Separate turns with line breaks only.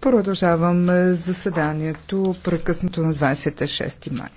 Продължавам заседанието прекъснато на 26 май.